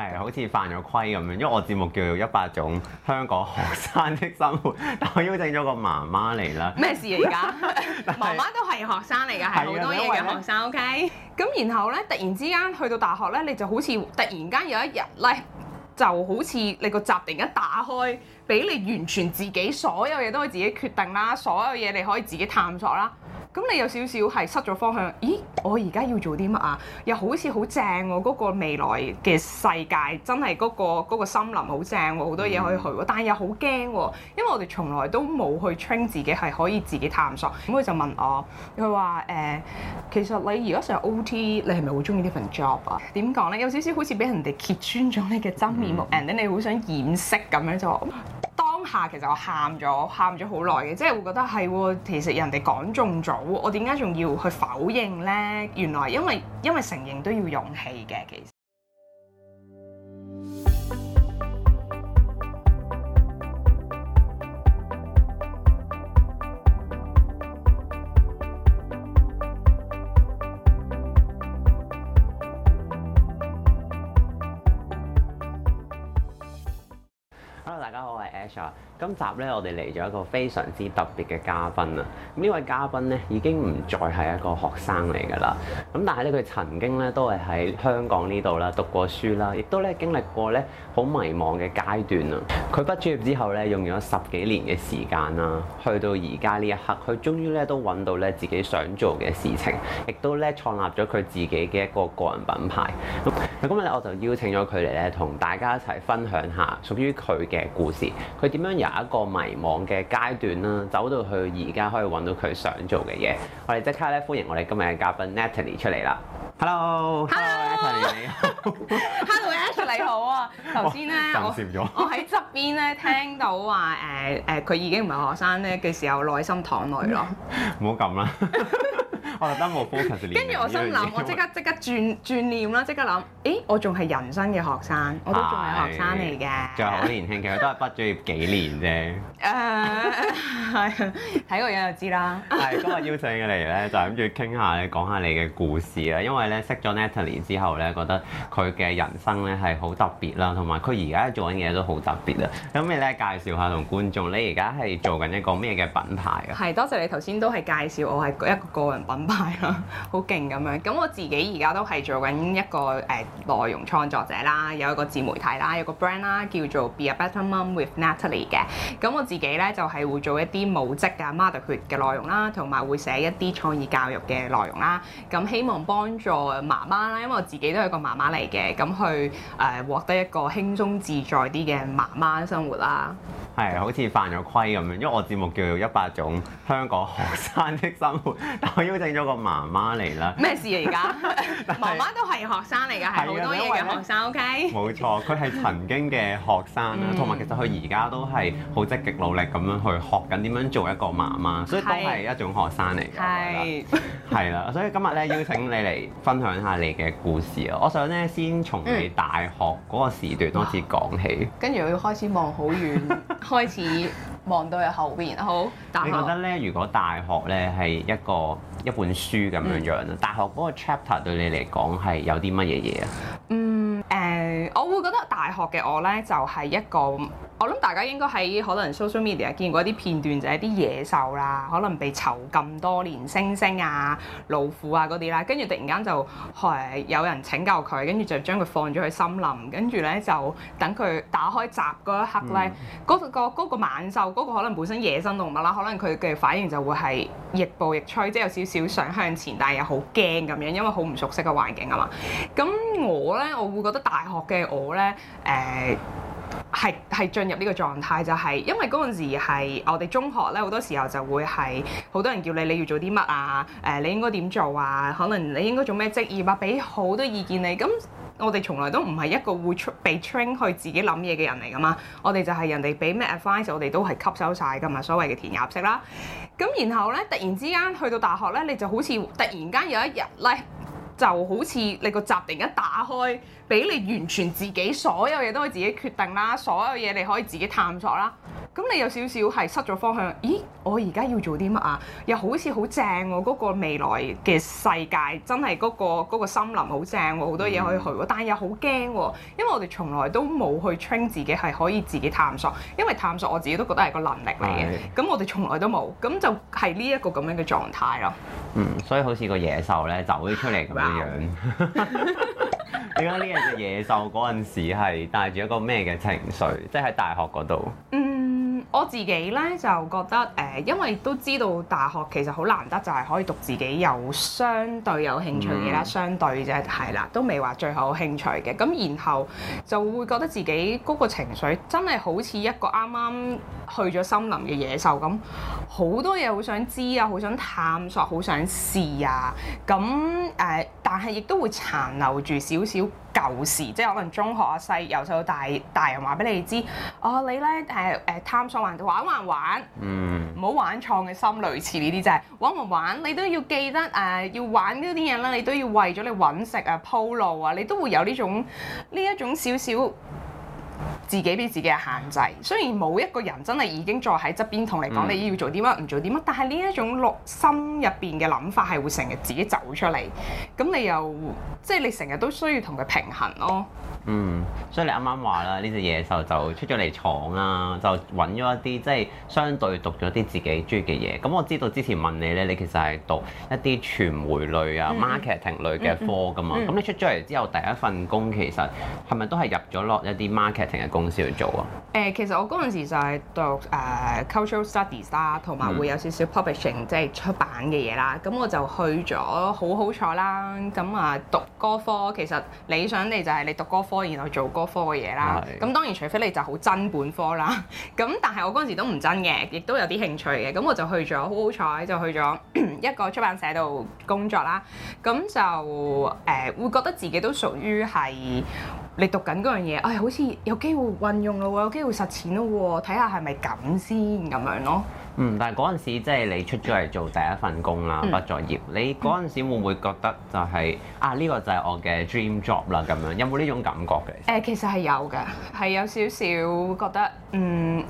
係、哎，好似犯咗規咁樣，因為我節目叫做《一百種香港學生的生活》，但我邀請咗個媽媽嚟啦。咩事啊？而家媽媽都係學生嚟㗎，係好 多嘢嘅學生。OK 的。咁然後咧，突然之間去到大學咧，你就好似突然間有一日咧，就好似你個閘突一打開，俾你完全自己，所有嘢都可以自己決定啦，所有嘢你可以自己探索啦。咁你有少少係失咗方向？咦，我而家要做啲乜啊？又好似好正喎、啊，嗰、嗰個未來嘅世界真係嗰、嗰個嗰個森林好正喎、啊，好多嘢可以去喎，但係又好驚喎，因為我哋從來都冇去 train 自己係可以自己探索。咁佢就問我，佢話誒，其實你而家上 OT，你係咪好中意呢份 job 啊？點講呢？有少少好似俾人哋揭穿咗你嘅真面目、嗯、and 你好想掩飾咁樣就……」下，其實我喊咗，喊咗好耐嘅，即係會覺得係其實人哋講中咗，我點解仲要去否認咧？原來因為因為承認都要勇氣嘅其實。下。今集咧，我哋嚟咗一個非常之特別嘅嘉賓啊！咁呢位嘉賓咧，已經唔再係一個學生嚟㗎啦。咁但係咧，佢曾經咧都係喺香港呢度啦讀過書啦，亦都咧經歷過咧好迷茫嘅階段啊！佢畢業之後咧，用咗十幾年嘅時間啦，去到而家呢一刻，佢終於咧都揾到咧自己想做嘅事情，亦都咧創立咗佢自己嘅一個個人品牌。咁、嗯、今日咧，我就邀請咗佢嚟咧，同大家一齊分享下屬於佢嘅故事。佢點樣一個迷惘嘅階段啦，走到去而家可以搵到佢想做嘅嘢，我哋即刻咧歡迎我哋今日嘅嘉賓 Natalie 出嚟啦。Hello，Hello，Natalie，Hello 你好 Ash，e 你好啊。頭先咧，我我喺側邊咧聽到話誒誒，佢、呃呃、已經唔係學生咧嘅時候，內心淌淚咯。唔好撳啦。 我特登冇 focus。跟住我心諗為、欸，我即刻即刻轉轉念啦！即刻諗，誒，我仲係人生嘅學生，是我都仲係學生嚟嘅，仲係好年輕， 其實都係畢咗業幾年啫。誒、呃，睇個 樣就知啦。係今日邀請你咧，就係諗住傾下，你講下你嘅故事啊。因為咧，識咗 Natalie 之後咧，覺得佢嘅人生咧係好特別啦，同埋佢而家做緊嘢都好特別啊。咁你咧介紹下同觀眾，你而家係做緊一個咩嘅品牌啊？係多謝你頭先都係介紹我，我係一個個人品牌啦，好勁咁樣。咁 我自己而家都係做緊一個誒、呃、內容創作者啦，有一個自媒體啦，有個 brand 啦，叫做 Be a Better Mum with Natalie 嘅。咁我自己咧就係、是、會做一啲母職啊 motherhood 嘅內容啦，同埋會寫一啲創意教育嘅內容啦。咁、嗯、希望幫助媽媽啦，因為我自己都係個媽媽嚟嘅，咁去誒、呃、獲得一個輕鬆自在啲嘅媽媽生活啦。係，好似犯咗規咁樣，因為我節目叫做《一百種香港學生的生活》，但係整咗個媽媽嚟啦！咩事啊？而家媽媽都係學生嚟㗎，係好 多嘢嘅學生。OK，冇錯，佢係曾經嘅學生，同埋 其實佢而家都係好積極努力咁樣去學緊點樣做一個媽媽，所以都係一種學生嚟嘅。係，係啦 的， 所以今日咧邀請你嚟分享下你嘅故事啊！我想咧先從你大學嗰個時段開始講起，跟住 我要開始望好遠， 開始望到去後邊。好，你覺得咧？如果大學咧係一個一本書咁樣樣啦，嗯、大學嗰個 chapter 對你嚟講係有啲乜嘢嘢啊？嗯誒、呃，我會覺得大學嘅我呢，就係一個。我諗大家應該喺可能 social media 見過一啲片段，就係啲野獸啦，可能被囚禁多年，猩猩啊、老虎啊嗰啲啦，跟住突然間就係、哎、有人拯救佢，跟住就將佢放咗去森林，跟住咧就等佢打開閘嗰一刻咧，嗰、嗯嗰個、嗰個嗰個猛獸，嗰、嗰個可能本身野生動物啦，可能佢嘅反應就會係亦步亦趨，即、就、係、係、有少少想向前，但係又好驚咁樣，因為好唔熟悉嘅環境啊嘛。咁我咧，我會覺得大學嘅我咧，誒、呃。係係進入呢個狀態，就係、是、因為嗰陣時係我哋中學咧，好多時候就會係好多人叫你你要做啲乜啊，誒、呃，你應該點做啊？可能你應該做咩職業啊？俾好多意見你。咁我哋從來都唔係一個會出被 train 去自己諗嘢嘅人嚟噶嘛，我哋就係人哋俾咩 advice，我哋都係吸收晒噶嘛，所謂嘅填鴨式啦。咁然後咧，突然之間去到大學咧，你就好似突然間有一日咧。就好似你個閘突一打開，俾你完全自己，所有嘢都可以自己決定啦，所有嘢你可以自己探索啦。咁你有少少係失咗方向？咦，我而家要做啲乜啊？又好似好正喎，嗰個未來嘅世界真係嗰個嗰個森林好正喎，好多嘢可以去喎，但係又好驚喎，因為我哋從來都冇去 train 自己係可以自己探索，因為探索我自己都覺得係個能力嚟嘅，咁的我哋從來都冇，咁就係呢一個咁樣嘅狀態咯。嗯，所以好似個野獸咧走出嚟咁嘅樣。你講呢個野獸嗰陣時係帶住一個咩嘅情緒？即係喺大學嗰度。嗯。我自己咧就覺得誒、呃，因為都知道大學其實好難得，就係可以讀自己有相對有興趣嘅啦，嗯、相對啫係啦，都未話最好興趣嘅。咁然後就會覺得自己嗰個情緒真係好似一個啱啱去咗森林嘅野獸咁，好多嘢好想知啊，好想探索，好想試啊，咁誒。呃但係亦都會殘留住少少舊時，即係可能中學啊、細由細到大，大人話俾你知，哦你咧誒誒探索玩，玩玩玩，唔好、mm. 玩創嘅心類似呢啲就啫，玩唔玩，玩你都要記得誒、呃，要玩嗰啲嘢啦，你都要為咗你揾食啊、鋪路啊，你都會有呢種呢一種少少。自己俾自己嘅限制，雖然冇一個人真係已經坐喺側邊同你講你要做啲乜，唔做啲乜，但係呢一種落心入邊嘅諗法係會成日自己走出嚟，咁你又即係、就是、你成日都需要同佢平衡咯。嗯，所以你啱啱話啦，呢隻野獸就出咗嚟闖啦，就揾咗一啲即係相對讀咗啲自己中意嘅嘢。咁我知道之前問你呢，你其實係讀一啲傳媒類啊、嗯、marketing 類嘅科噶嘛。咁、嗯嗯嗯、你出咗嚟之後，第一份工其實係咪都係入咗落一啲 marketing 嘅工？公司去做啊？誒，其實我嗰陣時就係讀誒、uh, Cultural Studies 啦，同埋會有少少 publishing、嗯、即係出版嘅嘢啦。咁我就去咗，好好彩啦。咁啊，讀嗰科其實理想你就係你讀嗰科，然後做嗰科嘅嘢啦。咁是當然，除非你就好真本科啦。咁 但係我嗰陣時都唔真嘅，亦都有啲興趣嘅。咁我就去咗，好好彩就去咗 一個出版社度工作啦。咁就誒、呃、會覺得自己都屬於係。你讀緊嗰樣嘢，哎，好似有機會運用嘞喎，有機會實踐嘞喎，睇下係咪咁先咁樣咯。嗯，但係嗰陣時即係你出咗嚟做第一份工啦，畢咗、嗯、業，你嗰陣時會唔會覺得就係、是嗯、啊呢、呢個就係我嘅 dream job 啦咁樣？有冇呢種感覺嘅？誒、呃，其實係有嘅，係有少少覺得，嗯。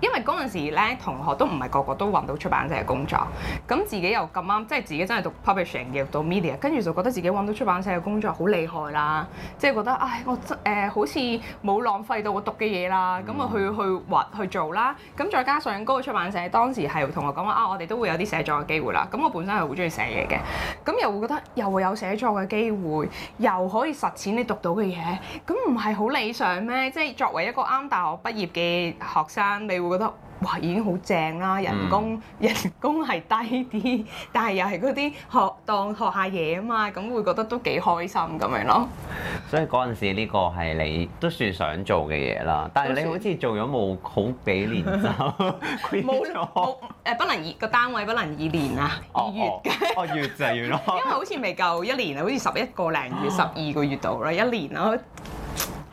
因為嗰陣時咧，同學都唔係個個都揾到出版社嘅工作，咁自己又咁啱，即係自己真係讀 publishing 嘅，到 media，跟住就覺得自己揾到出版社嘅工作好厲害啦，即係覺得唉，我誒、呃、好似冇浪費到我讀嘅嘢啦，咁啊、嗯、去去去做啦。咁再加上嗰個出版社當時係同我講話啊，我哋都會有啲寫作嘅機會啦。咁我本身係好中意寫嘢嘅，咁又會覺得又會有寫作嘅機會，又可以實踐你讀到嘅嘢，咁唔係好理想咩？即係作為一個啱大學畢業嘅學生，你會？會覺得，哇，已經好正啦，人工、嗯、人工係低啲，但係又係嗰啲學當學下嘢啊嘛，咁會覺得都幾開心咁樣咯。所以嗰陣時呢個係你都算想做嘅嘢啦，但係你好似做咗冇好幾年就冇咗，誒，不能以個單位，不能以年啊，以月嘅，哦，月就月咯，哦、 因為好似未夠一年啊，好似十一個零月十二個月度啦，一年咯。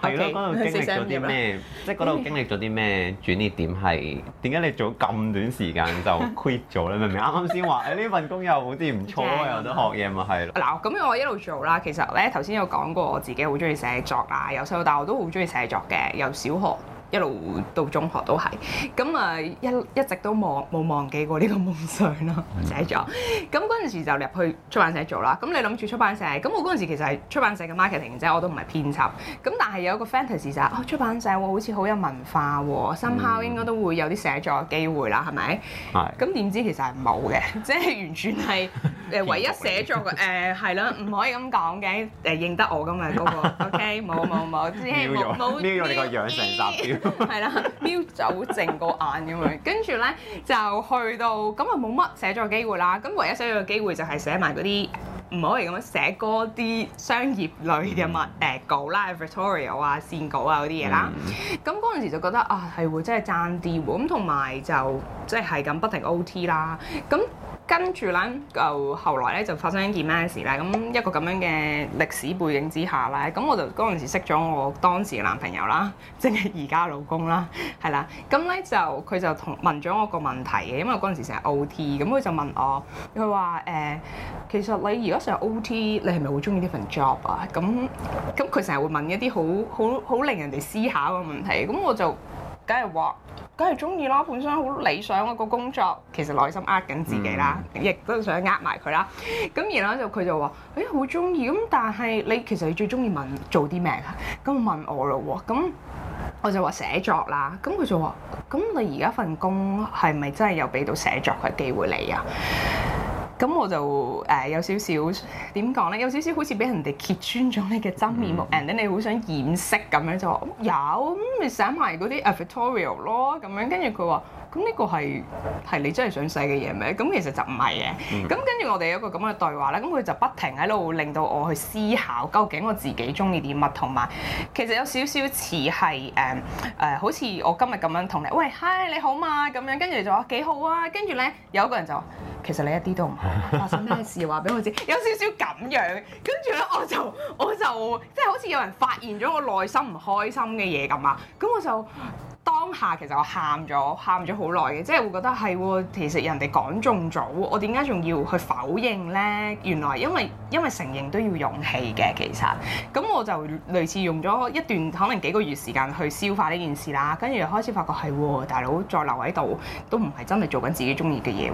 係咯，嗰度經歷咗啲咩？即係嗰度經歷咗啲咩轉捩點，係點解你做咗咁短時間就 quit 咗咧？ 明唔明啱啱先話誒呢份工又好似唔錯， 又得學嘢、啊嘛，咪係咯？嗱，咁我一路做啦。其實咧頭先有講過，我自己好中意寫作啦。由細到大我都好中意寫作嘅，由小學。一路到中學都係，咁啊一一直都冇冇忘記過呢個夢想咯，寫作。咁嗰陣時就入去出版社做啦。咁你諗住出版社，咁我嗰陣時其實係出版社嘅 marketing 啫，我都唔係編輯。咁但係有一個 fantasy 就係哦，出版社好似好有文化喎，心口應該都會有啲寫作嘅機會啦，係咪？係。咁點知其實係冇嘅，即係完全係。 誒唯一寫作嘅誒係咯，唔可以咁講嘅誒，認得我㗎嘛嗰個？OK，冇冇冇，只係冇冇。瞄咗你個樣成雜錶，係啦，瞄走成個眼咁樣。跟住咧就去到咁啊，冇乜寫作機會啦。咁唯一寫作機會就係寫埋嗰啲唔可以咁樣寫歌啲商業類嘅物誒稿啦，editorial 啊、線稿啊嗰啲嘢啦。咁嗰陣時就覺得啊，係會真係爭啲喎。咁同埋就即係咁不停 OT 啦。咁跟住咧，就後來咧就發生一件咩事咧？咁一個咁樣嘅歷史背景之下咧，咁我就嗰陣時識咗我當時嘅男朋友啦，即係而家老公啦，係啦。咁咧就佢就同問咗我個問題嘅，因為我嗰時成日 OT，咁佢就問我，佢話誒，其實你如果成日 OT，你係咪好中意呢份 job 啊？咁咁佢成日會問一啲好好好令人哋思考嘅問題，咁我就梗係話。梗係中意啦，本身好理想一個工作，其實內心呃緊自己啦，mm hmm. 亦都想呃埋佢啦。咁然後就佢就話，哎、欸，好中意咁，但係你其實你最中意問做啲咩？咁問我咯喎，咁我就話寫作啦。咁佢就話，咁你而家份工係咪真係有俾到寫作嘅機會你啊？咁我就誒有少少點講咧，有少少好似俾人哋揭穿咗你嘅真面目，and then 你好想掩飾咁樣就話有，咁咪寫埋嗰啲 editorial 咯，咁樣跟住佢話。咁呢個係係你真係想寫嘅嘢咩？咁其實就唔係嘅。咁跟住我哋有一個咁嘅對話咧，咁佢就不停喺度令到我去思考，究竟我自己中意啲乜，同埋其實有少少似係誒誒，好似我今日咁樣同你喂，嗨，你好嘛？咁樣，跟住就話幾好啊，跟住咧有一個人就其實你一啲都唔好，發生咩事，話俾我知，有少少咁樣，跟住咧我就我就即係好似有人發現咗我內心唔開心嘅嘢咁啊，咁我就。當下其實我喊咗，喊咗好耐嘅，即係會覺得係喎，其實人哋講中咗，我點解仲要去否認呢？原來因為因為承認都要勇氣嘅，其實咁我就類似用咗一段可能幾個月時間去消化呢件事啦，跟住又開始發覺係喎，大佬再留喺度都唔係真係做緊自己中意嘅嘢喎，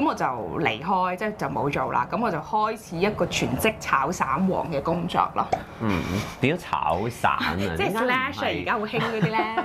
咁我就離開，即係就冇做啦。咁我就開始一個全職炒散王嘅工作咯。嗯，點炒散？即係 slash 而家會興嗰啲呢。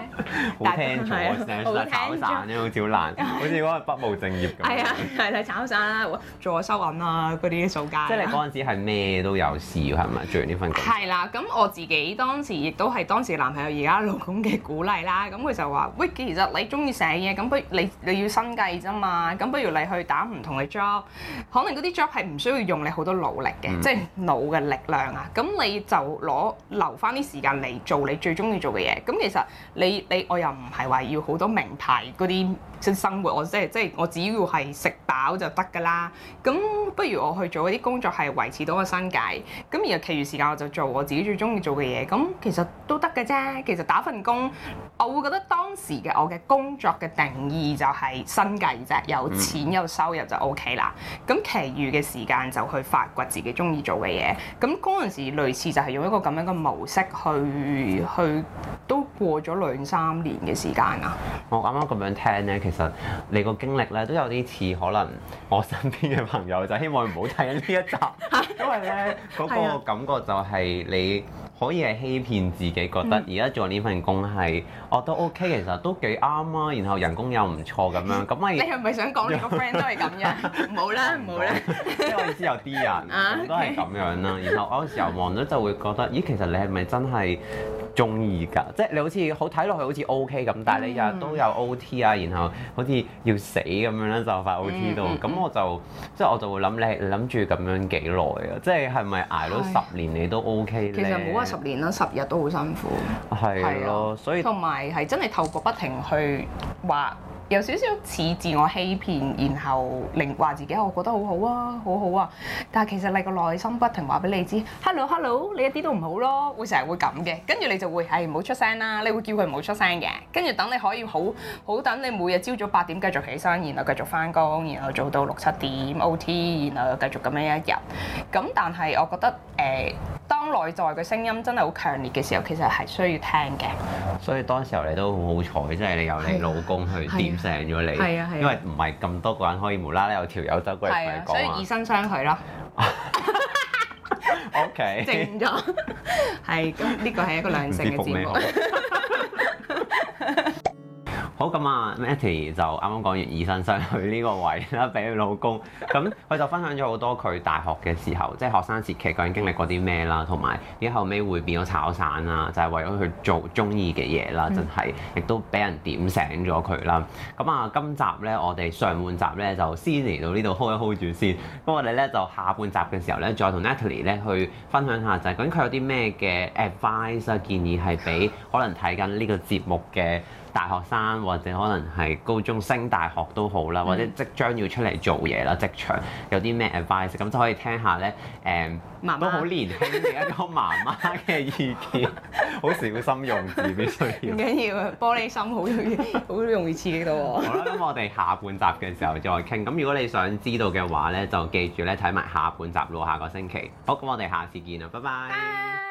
好聽錯聲，即係 正常 炒散好似好難，好似嗰個不務正業咁。係 啊，係係、啊、炒散啦，做下收銀啊，嗰啲掃街。即係嗰陣時係咩都有事，係咪做完呢份工？係啦、 啊，咁我自己當時亦都係當時男朋友而家老公嘅鼓勵啦。咁佢就話：喂，其實你中意寫嘢，咁不如你你要生計啫嘛。咁不如你去打唔同嘅 job，可能嗰啲 job 係唔需要用你好多努力嘅，即係、嗯、腦嘅力量啊。咁你就攞留翻啲時間嚟做你最中意做嘅嘢。咁其實你。你我又唔係話要好多名牌嗰啲。生活我即係即係我只要係食飽就得㗎啦，咁不如我去做一啲工作係維持到個生計，咁然後，其餘時間我就做我自己最中意做嘅嘢，咁其實都得嘅啫。其實打份工，我會覺得當時嘅我嘅工作嘅定義就係生計啫，有錢有收入就 O K 啦。咁其餘嘅時間就去發掘自己中意做嘅嘢。咁嗰陣時類似就係用一個咁樣嘅模式去去，都過咗兩三年嘅時間啊。我啱啱咁樣聽咧，其實你個經歷咧都有啲似，可能我身邊嘅朋友就希望唔好睇緊呢一集， 因為咧嗰個感覺就係你可以係欺騙自己，覺得而家做呢份工係我、哦、都 OK，其實都幾啱啊，然後人工又唔錯咁、就是、樣，咁你係咪想講你個 friend 都係咁樣？唔好啦，唔好啦， 因為意思有啲人、 啊、都係咁樣啦。然後我有時候望到就會覺得，咦，其實你係咪真係？中意㗎，即係你好似好睇落去好似 O K 咁，但係你日日都有 O T 啊，然後好似要死咁樣咧，就發 O T 度。咁、嗯嗯、我就、嗯、即係我就會諗你，你諗住咁樣幾耐啊？即係係咪捱到十年你都 O、OK、K？其實冇話十年啦，十日都好辛苦。係咯的，所以同埋係真係透過不停去畫。有少少似自我欺騙，然後令話自己我覺得好好啊，好好啊，但係其實你個內心不停話俾你知，Hello, hello，你一啲都唔好咯，會成日會咁嘅，跟住你就會哎，唔好出聲啦，你會叫佢唔好出聲嘅，跟住等你可以好好等你每日朝早八點繼續起身，然後繼續返工，然後做到六七點 OT，然後又繼續咁樣一日，咁但係我覺得誒。呃當內在嘅聲音真係好強烈嘅時候，其實係需要聽嘅。所以當時候你都好好彩，即、就、係、是、你由你老公去點醒咗你。係啊，啊啊因為唔係咁多個人可以無啦啦有條友走過來同你講、啊、所以以身相許咯。O K。正 咗。係，咁呢個係一個兩性嘅節目。 好，咁啊 Natalie 就啱啱講完以身相許呢個位啦，俾 佢老公。咁佢就分享咗好多佢大學嘅時候， 即係學生時期究竟經歷過啲咩啦，同埋點解後尾會變咗炒散啊，就係、是、為咗去做中意嘅嘢啦， 真係亦都俾人點醒咗佢啦。咁啊，今集呢，我哋上半集呢就先嚟到呢度 hold 一 hold 住先，咁我哋呢，就下半集嘅時候呢，再同 Natalie 呢去分享下就係，究竟佢有啲咩嘅 advice 啊建議係俾可能睇緊呢個節目嘅。 大學生或者可能係高中升大學都好啦，嗯、或者即將要出嚟做嘢啦，職場有啲咩 advice，咁就可以聽下咧。誒、嗯，媽媽都好年輕嘅一個媽媽嘅意見，好 小心用字必須。唔緊要，玻璃心好容易，好容易刺激到我。 好啦，咁我哋下半集嘅時候再傾。咁如果你想知道嘅話咧，就記住咧睇埋下半集咯，下個星期。好，咁我哋下次見啦，拜拜。拜拜